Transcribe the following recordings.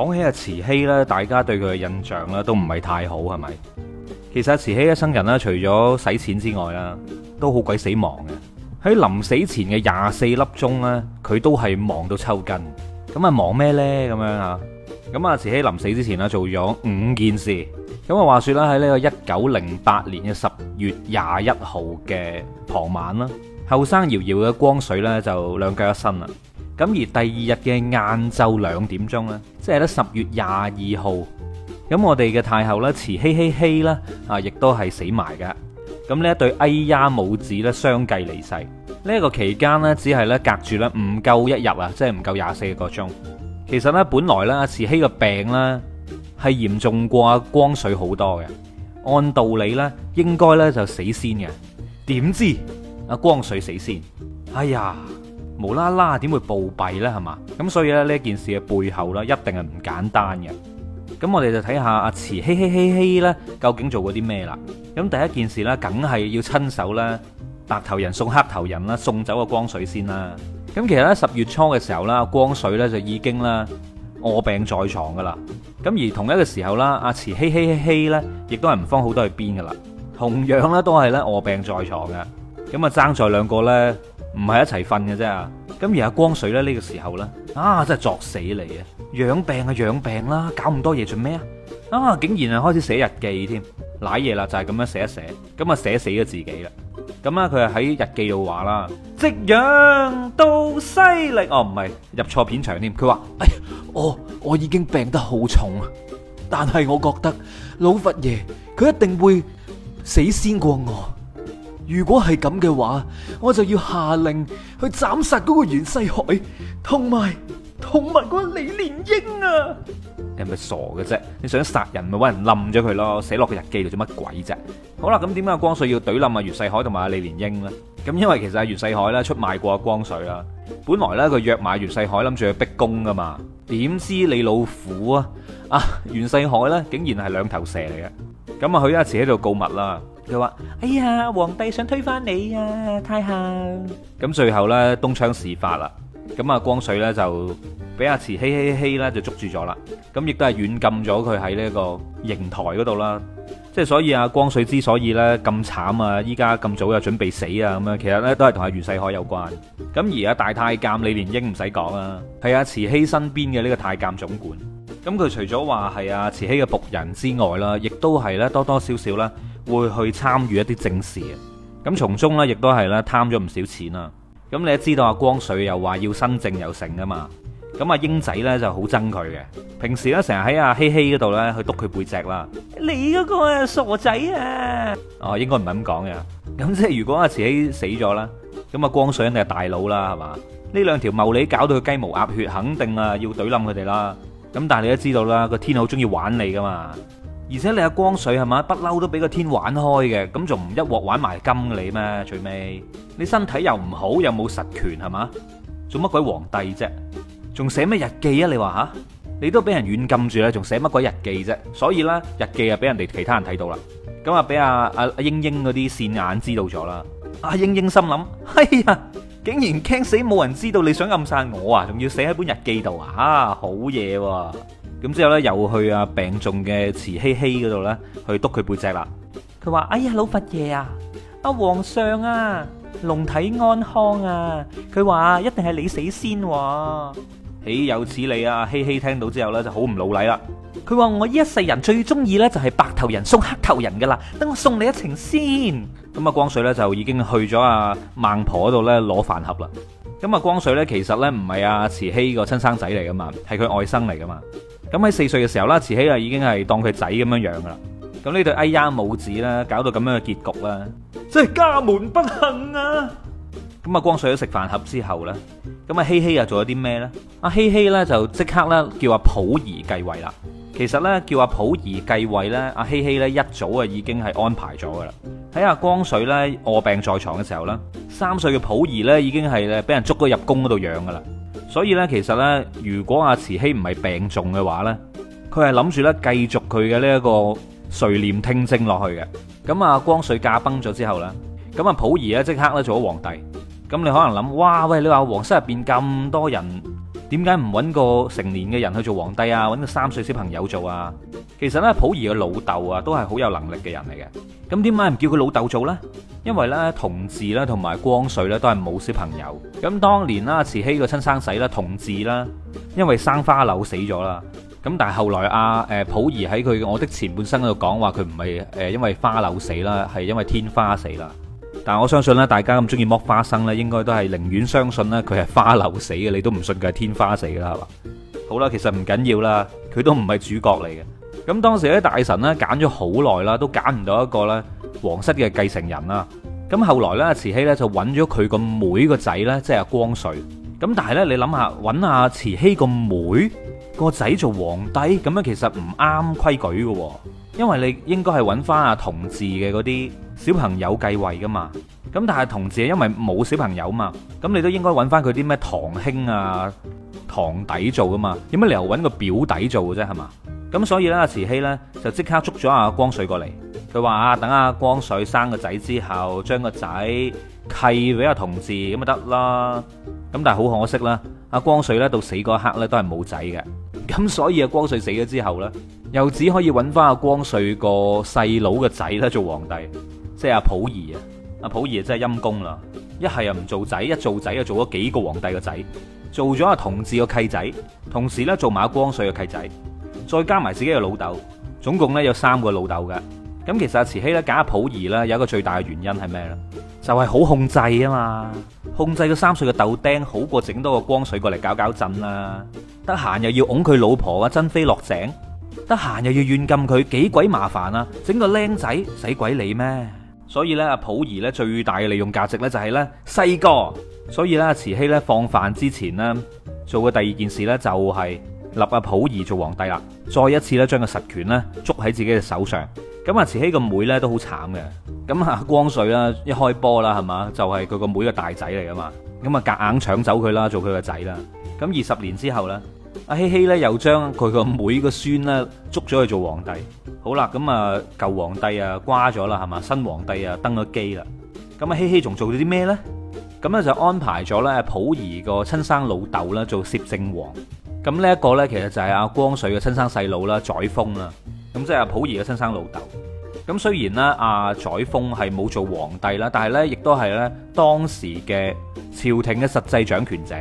講起阿慈禧咧，大家對佢嘅印象咧都唔係太好，係咪？其實阿慈禧一生人咧，除咗使錢之外啦，都好鬼死忙嘅。喺臨死前嘅廿四粒鐘咧，佢都係忙到抽筋。咁啊忙咩呢？咁樣啊？咁阿慈禧臨死之前啦，做咗五件事。咁啊，話說啦，喺呢個一九零八年嘅十月廿一號嘅傍晚啦，後生搖搖嘅光緒咧就兩腳一伸啦。咁而第二日嘅晏晝兩點鐘咧，即係咧十月廿二號，咁我哋嘅太后咧慈禧熙熙啦，啊亦都係死埋噶。咁呢一對哎呀母子咧相繼離世，呢一個期間咧只係咧隔住咧唔夠一日啊，即係唔夠廿四個鐘。其實咧本來咧阿慈禧嘅病咧係嚴重過阿光緒好多嘅，按道理咧應該咧就死先嘅，點知阿光緒死先？哎呀！無啦啦點會暴斃咧係嘛？咁所以咧呢一件事嘅背後咧一定係唔簡單嘅。咁我哋就睇下阿慈嘿嘿嘿咧究竟做過啲咩啦？咁第一件事咧，梗係要親手咧白頭人送黑頭人啦，送走個光緒先啦。咁其實咧十月初嘅時候啦，光緒咧就已經啦臥病在床噶啦。咁而同一個時候啦，阿慈嘿嘿嘿咧亦都係唔方好多去邊噶啦。同樣咧都係咧臥病在床嘅。咁啊爭在兩個咧。唔係一齊瞓嘅啫，咁而阿光緒咧呢、這個時候咧，啊真係作死嚟啊！養病就養病啦，搞咁多嘢做咩啊？啊竟然係、啊、開始寫日記添，瀨嘢啦就係、是、咁樣寫一寫，咁啊寫死咗自己啦。咁啊佢係喺日記度話啦，夕養到犀利，哦唔係入錯片場添，佢話，哎，我我已經病得好重，但係我覺得老佛爺佢一定會死先過我。如果係咁嘅話，我就要下令去斬殺嗰個袁世凱，同埋同埋個李蓮英啊！你係咪傻嘅啫，你想殺人咪搵人冧咗佢咯，寫落個日記度做乜鬼啫？好啦，咁點解啊光緒要懟冧啊袁世凱同埋啊李蓮英咧？咁因為其實啊袁世凱咧出賣過光緒啦，本來咧佢約埋袁世凱諗住去逼宮噶嘛，點知你老虎啊啊袁世凱咧竟然係兩頭蛇嚟嘅，咁啊佢一次喺度告密啦。佢話：哎呀，皇帝想推翻你啊，太后！咁最後呢，東窗事發啦，咁啊，光緒呢，就俾阿慈禧、禧、禧咧就捉住咗啦，咁亦都係軟禁咗佢喺呢個瀛台嗰度啦。即係所以阿光緒之所以呢咁慘啊，依家咁早就準備死啊，咁樣其實呢都係同阿袁世凱有關。咁而阿大太監李蓮英唔使講啦，係阿慈禧身邊嘅呢個太監總管。咁佢除咗話係阿慈禧嘅僕人之外啦，亦都係咧多多少少啦。會去參與一啲政事啊，咁從中咧亦都係咧貪咗唔少錢啦。咁你都知道阿光緒又話要新政又成噶嘛，咁阿英仔咧就好憎佢嘅。平時咧成日喺阿希希嗰度咧去督佢背脊啦。你嗰個傻仔啊！哦，應該唔係咁講嘅。咁即係如果阿慈禧死咗啦，咁啊光緒肯定係大佬啦，係嘛？呢兩條茂利搞到佢雞毛鴨血，肯定啊要懟冧佢哋啦。咁但係你都知道啦，個天好中意玩你噶嘛。而且你阿光緒係嘛，不嬲都俾個天玩開嘅，咁仲唔一鑊玩埋金你咩？最尾你身體又唔好，又冇實權係嘛？做乜鬼皇帝啫？仲寫咩日記啊？你話吓，你都俾人軟禁住啦，仲寫乜鬼日記啫？所以啦，日記啊俾人哋其他人睇到啦，咁啊俾阿阿阿英英嗰啲線眼知道咗啦。阿英英心諗：哎呀，竟然驚死冇人知道你想暗殺我啊，仲要寫喺本日記度啊，好嘢喎！咁之後呢又去病重嘅慈禧禧嗰度呢去督佢背脊啦。佢話：哎呀，老佛爺啊，阿皇上啊，龍體安康啊。佢話：一定係你死先啊。豈有此理啊！禧禧聽到之後呢就好唔老禮啦。佢話：我呢一世人最中意呢就係白頭人送黑頭人噶啦，等我送你一程先。咁啊，光緒呢就已經去咗阿、啊、孟婆嗰度呢攞飯盒啦。咁啊，光緒呢其實呢唔係阿慈禧個親生仔嚟噶嘛，係佢外甥嚟噶嘛。咁喺四歲嘅時候啦，慈禧啊已經係當佢仔咁樣養噶啦。咁呢對哎呀母子啦，搞到咁樣嘅結局啦，即係家門不幸啊！咁啊，光緒喺食飯盒之後咧，咁啊，熙熙又做咗啲咩咧？阿熙熙咧就即刻咧叫阿溥儀繼位啦。其實咧叫阿溥儀繼位咧，阿熙熙咧一早啊已經係安排咗噶啦。喺阿光緒咧臥病在床嘅時候啦，三歲嘅溥儀咧已經係誒俾人捉咗入宮嗰度養噶啦。所以咧，其實咧，如果阿慈禧唔係病重嘅話咧，佢係諗住咧繼續佢嘅呢一個垂簾聽政落去嘅。咁啊，光緒駕崩咗之後咧，咁啊溥儀咧即刻咧做咗皇帝。咁你可能諗，哇喂，你話皇室入面咁多人，點解唔揾個成年嘅人去做皇帝啊？揾個三歲小朋友做啊？其實咧，溥儀嘅老豆啊，都係好有能力嘅人嚟嘅。咁點解唔叫佢老豆做咧？因為咧，同志咧同埋光緒咧都係冇小朋友。咁當年啦，慈禧個親生仔咧，同治啦，因為生花柳死咗啦。咁但係後來阿誒溥儀喺佢《我的前半生》度講話，佢唔係誒因為花柳死啦，係因為天花死啦。但係我相信咧，大家咁中意剝花生咧，應該都係寧願相信咧佢係花柳死嘅，你都唔信佢係天花死噶啦係嘛？好啦，其實唔緊要啦，佢都唔係主角嚟嘅。咁當時啲大臣咧揀咗好耐啦，都揀唔到一個咧皇室嘅繼承人啦。咁後來咧，慈禧咧就揾咗佢個妹個仔咧，即係阿光緒。咁但係咧，你諗下揾阿慈禧個妹個仔做皇帝，咁樣其實唔啱規矩嘅，因為你應該係揾翻阿同治嘅嗰啲小朋友繼位噶嘛。咁但係同治係因為冇小朋友嘛，咁你都應該揾翻佢啲咩堂兄啊、堂弟做噶嘛。有乜理由揾個表弟做嘅啫？係嘛。咁所以咧，阿慈禧咧就即刻捉咗阿光緒過嚟。佢話啊，等阿光緒生個仔之後，將個仔契俾阿同治咁咪得啦。咁但係好可惜啦，阿光緒咧到死嗰刻咧都係冇仔嘅。咁所以阿光緒死咗之後咧，又只可以揾翻阿光緒個細佬個仔咧做皇帝，即係阿溥儀啊。阿溥儀真係陰公啦，一係又唔做仔，一做仔又做咗幾個皇帝嘅仔，做咗阿同治個契仔，同時咧做埋阿光緒個契仔，再加埋自己嘅老豆，總共咧有三個老豆嘅。咁其實阿慈禧咧揀阿溥儀咧，有一個最大嘅原因係咩咧？就係、是、好控制啊嘛，控制個三歲嘅豆丁好過整多個光緒過嚟搞搞震啦。得閒又要擁佢老婆啊，珍妃落井，得閒又要軟禁佢，幾鬼麻煩啊？整個僆仔使鬼理咩？所以咧，阿溥儀咧最大嘅利用價值咧就係、是、咧細個。所以咧，慈禧咧放飯之前呢，做嘅第二件事咧就係、是、立阿溥儀做皇帝啦。再一次咧，將個實權咧捉喺自己嘅手上。咁啊，慈禧個妹咧都好慘嘅。咁啊，光緒啦，一開波啦，係嘛，就係佢個妹嘅大仔嚟嘅嘛。咁啊，夾硬搶走佢啦，做佢個仔啦。咁二十年之後咧，阿希希咧又將佢個妹個孫咧捉咗去做皇帝。好啦，咁啊，舊皇帝啊瓜咗啦，係嘛，新皇帝啊登咗基啦。咁啊，希希仲做咗啲咩咧？咁咧就安排咗咧，溥儀個親生老豆啦做攝政王。咁呢一個咧，其實就係阿光緒嘅親生細佬啦，載灃啦。咁即係阿溥儀嘅親生老豆。咁雖然咧，阿載灃係冇做皇帝啦，但係呢亦都係咧當時嘅朝廷嘅實際掌權者。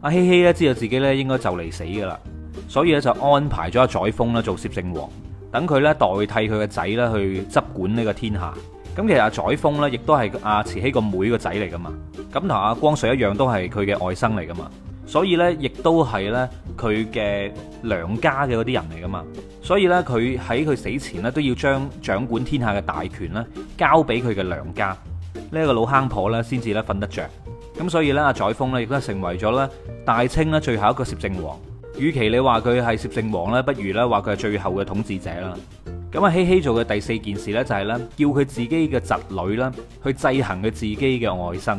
阿希希咧知道自己咧應該就嚟死噶啦，所以咧就安排咗阿載灃啦做攝政王，等佢咧代替佢嘅仔啦去執管呢個天下。咁其實阿載灃呢亦都係阿慈禧個妹個仔嚟噶嘛，咁同阿光緒一樣都係佢嘅外甥嚟噶嘛。所以咧，亦都係咧佢嘅娘家嘅嗰啲人嚟噶嘛。所以咧，佢喺佢死前咧都要將掌管天下嘅大權咧交俾佢嘅娘家呢一個老坑婆咧，先至咧瞓得着。咁所以咧，阿載灃咧亦都成為咗咧大清咧最後一個攝政王。與其你話佢係攝政王咧，不如咧話佢係最後嘅統治者啦。咁啊，熙熙做嘅第四件事咧就係咧叫佢自己嘅侄女咧去制衡佢自己嘅外甥。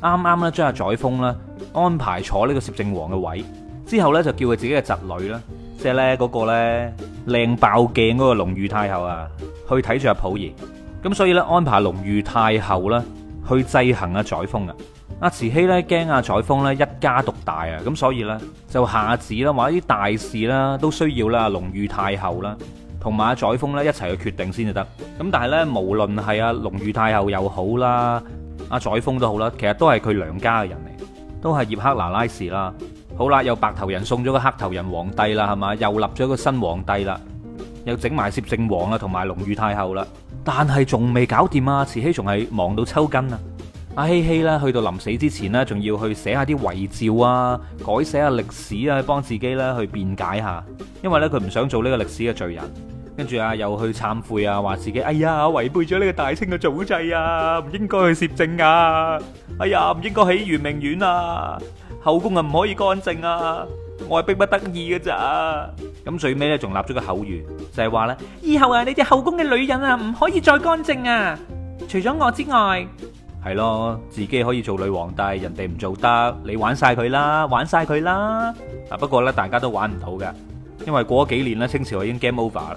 啱啱咧將阿載灃咧。安排坐呢個攝政王嘅位之後呢，就叫佢自己嘅侄女啦，即係呢嗰個呢靚爆鏡嗰個隆裕太后啊，去睇住阿溥儀咁，所以呢，安排隆裕太后啦去制衡阿、啊、載峯啊。阿慈禧呢驚阿載峯一家獨大啊，咁所以呢就下旨啦，話啲大事啦都需要啦隆裕太后啦同埋阿載峯一齊去決定先至得。咁但係呢，無論係阿隆裕太后又好啦，阿載峯都好啦，其實都係佢娘家嘅人嚟。都係葉赫那拉氏啦，好啦，又白頭人送咗個黑頭人皇帝啦，係嘛？又立咗個新皇帝啦，又整埋攝政王啊同埋隆裕太后啦，但係仲未搞掂啊，慈禧仲係忙到抽筋啊，阿希希呢，去到臨死之前呢，仲要去寫下啲遺詔啊，改寫下歷史啊，幫自己咧去辯解下，因為呢，佢唔想做呢個歷史嘅罪人。跟住啊，又去懺悔啊，話自己哎呀違背咗呢個大清嘅祖制啊，唔應該去攝政啊，哎呀唔應該喺圓明園啊，後宮啊唔可以干淨啊，我係逼不得已㗎咋。咁最尾呢，仲立咗個口諭，就係話呢：「以後啊你哋後宮嘅女人啊唔可以再干淨啊」，除咗我之外，係咯，自己可以做女皇帝，人哋唔做得，你玩晒佢啦，玩晒佢啦。不過呢，大家都玩唔到㗎，因為過咗幾年呢，清朝已經 game over 啦。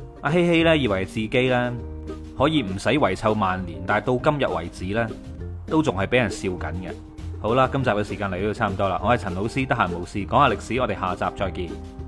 阿希希咧，以為自己咧可以唔使遺臭萬年，但係到今日為止咧，都仲係俾人笑緊嘅。好啦，今集嘅時間嚟到差唔多啦，我係陳老師，得閒無事講下歷史，我哋下集再見。